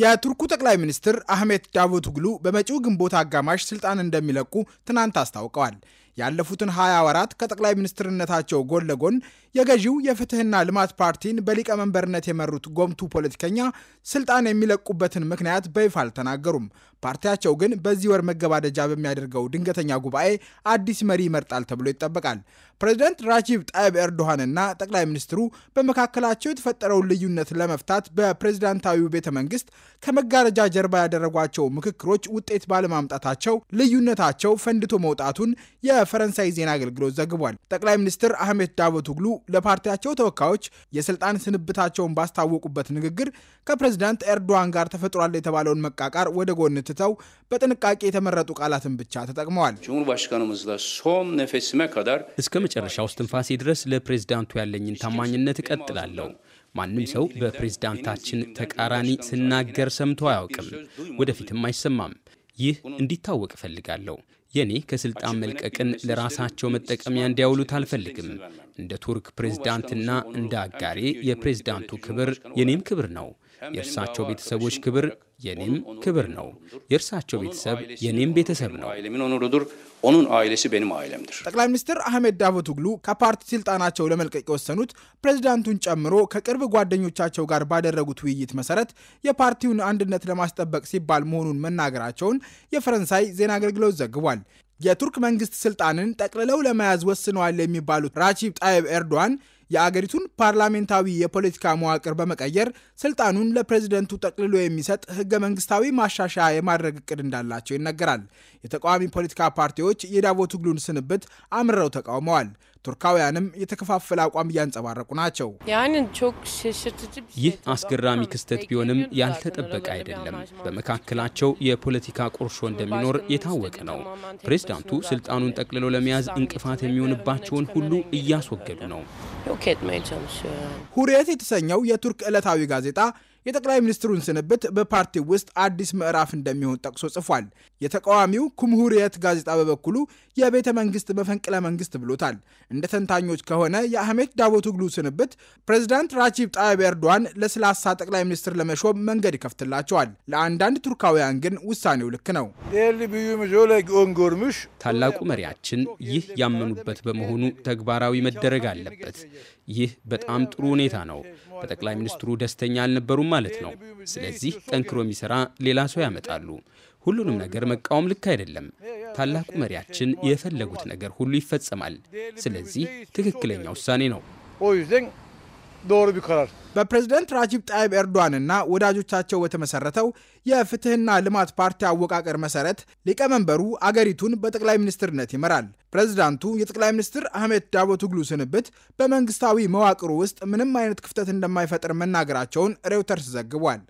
የቱርኩ ጠቅላይ ሚኒስትር አህሜት ዳቮትግሉ በመጪው ግንቦት አጋማሽ ስልጣን እንደሚለቁ ትናንት አስታውቀዋል። ያለፉትን 20 ወራት ከጠቅላይ ሚኒስትርነታቸው ጎን ለጎን የገዢው የፍትህና ልማት ፓርቲን በሊቀመንበርነት የመሩት ጎምቱ ፖለቲከኛ ስልጣን የሚለቁበትን ምክንያት በይፋ አልተናገሩም። ፓርቲያቸው ግን በዚህ ወር መገባደጃ በሚያደርገው ድንገተኛ ጉባኤ አዲስ መሪ ይመርጣል ተብሎ ይጠበቃል። ፕሬዚደንት ራጂብ ጣይብ ኤርዶሃንና ጠቅላይ ሚኒስትሩ በመካከላቸው የተፈጠረውን ልዩነት ለመፍታት በፕሬዚዳንታዊው ቤተ መንግስት ከመጋረጃ ጀርባ ያደረጓቸው ምክክሮች ውጤት ባለማምጣታቸው ልዩነታቸው ፈንድቶ መውጣቱን የፈረንሳይ ዜና አገልግሎት ዘግቧል። ጠቅላይ ሚኒስትር አህሜት ዳቮትግሉ ለፓርቲያቸው ተወካዮች የስልጣን ስንብታቸውን ባስታወቁበት ንግግር ከፕሬዝዳንት ኤርዶዋን ጋር ተፈጥሯል የተባለውን መቃቃር ወደ ጎን ትተው በጥንቃቄ የተመረጡ ቃላትን ብቻ ተጠቅመዋል። እስከ መጨረሻው እስትንፋሴ ድረስ ለፕሬዝዳንቱ ያለኝን ታማኝነት እቀጥላለሁ። ማንም ሰው በፕሬዝዳንታችን ተቃራኒ ስናገር ሰምቶ አያውቅም፣ ወደፊትም አይሰማም። ይህ እንዲታወቅ እፈልጋለሁ። የኔ ከስልጣን መልቀቅን ለራሳቸው መጠቀሚያ እንዲያውሉት አልፈልግም። እንደ ቱርክ ፕሬዝዳንትና እንደ አጋሬ የፕሬዝዳንቱ ክብር የኔም ክብር ነው። የእርሳቸው ቤተሰቦች ክብር የኔም ክብር ነው። የእርሳቸው ቤተሰብ የኔም ቤተሰብ ነው። ጠቅላይ ሚኒስትር አህመድ ዳቮትግሉ ከፓርቲ ስልጣናቸው ለመልቀቅ የወሰኑት ፕሬዝዳንቱን ጨምሮ ከቅርብ ጓደኞቻቸው ጋር ባደረጉት ውይይት መሰረት የፓርቲውን አንድነት ለማስጠበቅ ሲባል መሆኑን መናገራቸውን የፈረንሳይ ዜና አገልግሎት ዘግቧል። የቱርክ መንግስት ስልጣንን ጠቅልለው ለመያዝ ወስነዋል የሚባሉት ራቺብ ጣይብ ኤርዶዋን የአገሪቱን ፓርላሜንታዊ የፖለቲካ መዋቅር በመቀየር ስልጣኑን ለፕሬዝደንቱ ጠቅልሎ የሚሰጥ ህገ መንግስታዊ ማሻሻያ የማድረግ እቅድ እንዳላቸው ይነገራል። የተቃዋሚ ፖለቲካ ፓርቲዎች የዳቮትግሉን ስንብት አምርረው ተቃውመዋል። ቱርካውያንም የተከፋፈለ አቋም እያንጸባረቁ ናቸው። ይህ አስገራሚ ክስተት ቢሆንም ያልተጠበቀ አይደለም። በመካከላቸው የፖለቲካ ቁርሾ እንደሚኖር የታወቀ ነው። ፕሬዝዳንቱ ስልጣኑን ጠቅልሎ ለመያዝ እንቅፋት የሚሆንባቸውን ሁሉ እያስወገዱ ነው። ሁሬት የተሰኘው የቱርክ ዕለታዊ ጋዜጣ የጠቅላይ ሚኒስትሩን ስንብት በፓርቲው ውስጥ አዲስ ምዕራፍ እንደሚሆን ጠቅሶ ጽፏል። የተቃዋሚው ኩምሁሪየት ጋዜጣ በበኩሉ የቤተ መንግስት መፈንቅለ መንግስት ብሎታል። እንደ ተንታኞች ከሆነ የአህሜድ ግሉ ስንብት ፕሬዚዳንት ራጂብ ጣይብ ኤርዶዋን ለስላሳ ጠቅላይ ሚኒስትር ለመሾም መንገድ ይከፍትላቸዋል። ለአንዳንድ ቱርካውያን ግን ውሳኔው ልክ ነው። ታላቁ መሪያችን ይህ ያመኑበት በመሆኑ ተግባራዊ መደረግ አለበት። ይህ በጣም ጥሩ ሁኔታ ነው። በጠቅላይ ሚኒስትሩ ደስተኛ አልነበሩም ማለት ነው። ስለዚህ ጠንክሮ የሚሰራ ሌላ ሰው ያመጣሉ። ሁሉንም ነገር መቃወም ልክ አይደለም። ታላቁ መሪያችን የፈለጉት ነገር ሁሉ ይፈጸማል። ስለዚህ ትክክለኛ ውሳኔ ነው። በፕሬዝደንት ራጂብ ጣይብ ኤርዶዋንና ወዳጆቻቸው በተመሰረተው የፍትህና ልማት ፓርቲ አወቃቀር መሰረት ሊቀመንበሩ አገሪቱን በጠቅላይ ሚኒስትርነት ይመራል። ፕሬዝዳንቱ የጠቅላይ ሚኒስትር አህሜድ ዳውቶግሉ ስንብት በመንግስታዊ መዋቅሩ ውስጥ ምንም አይነት ክፍተት እንደማይፈጥር መናገራቸውን ሬውተርስ ዘግቧል።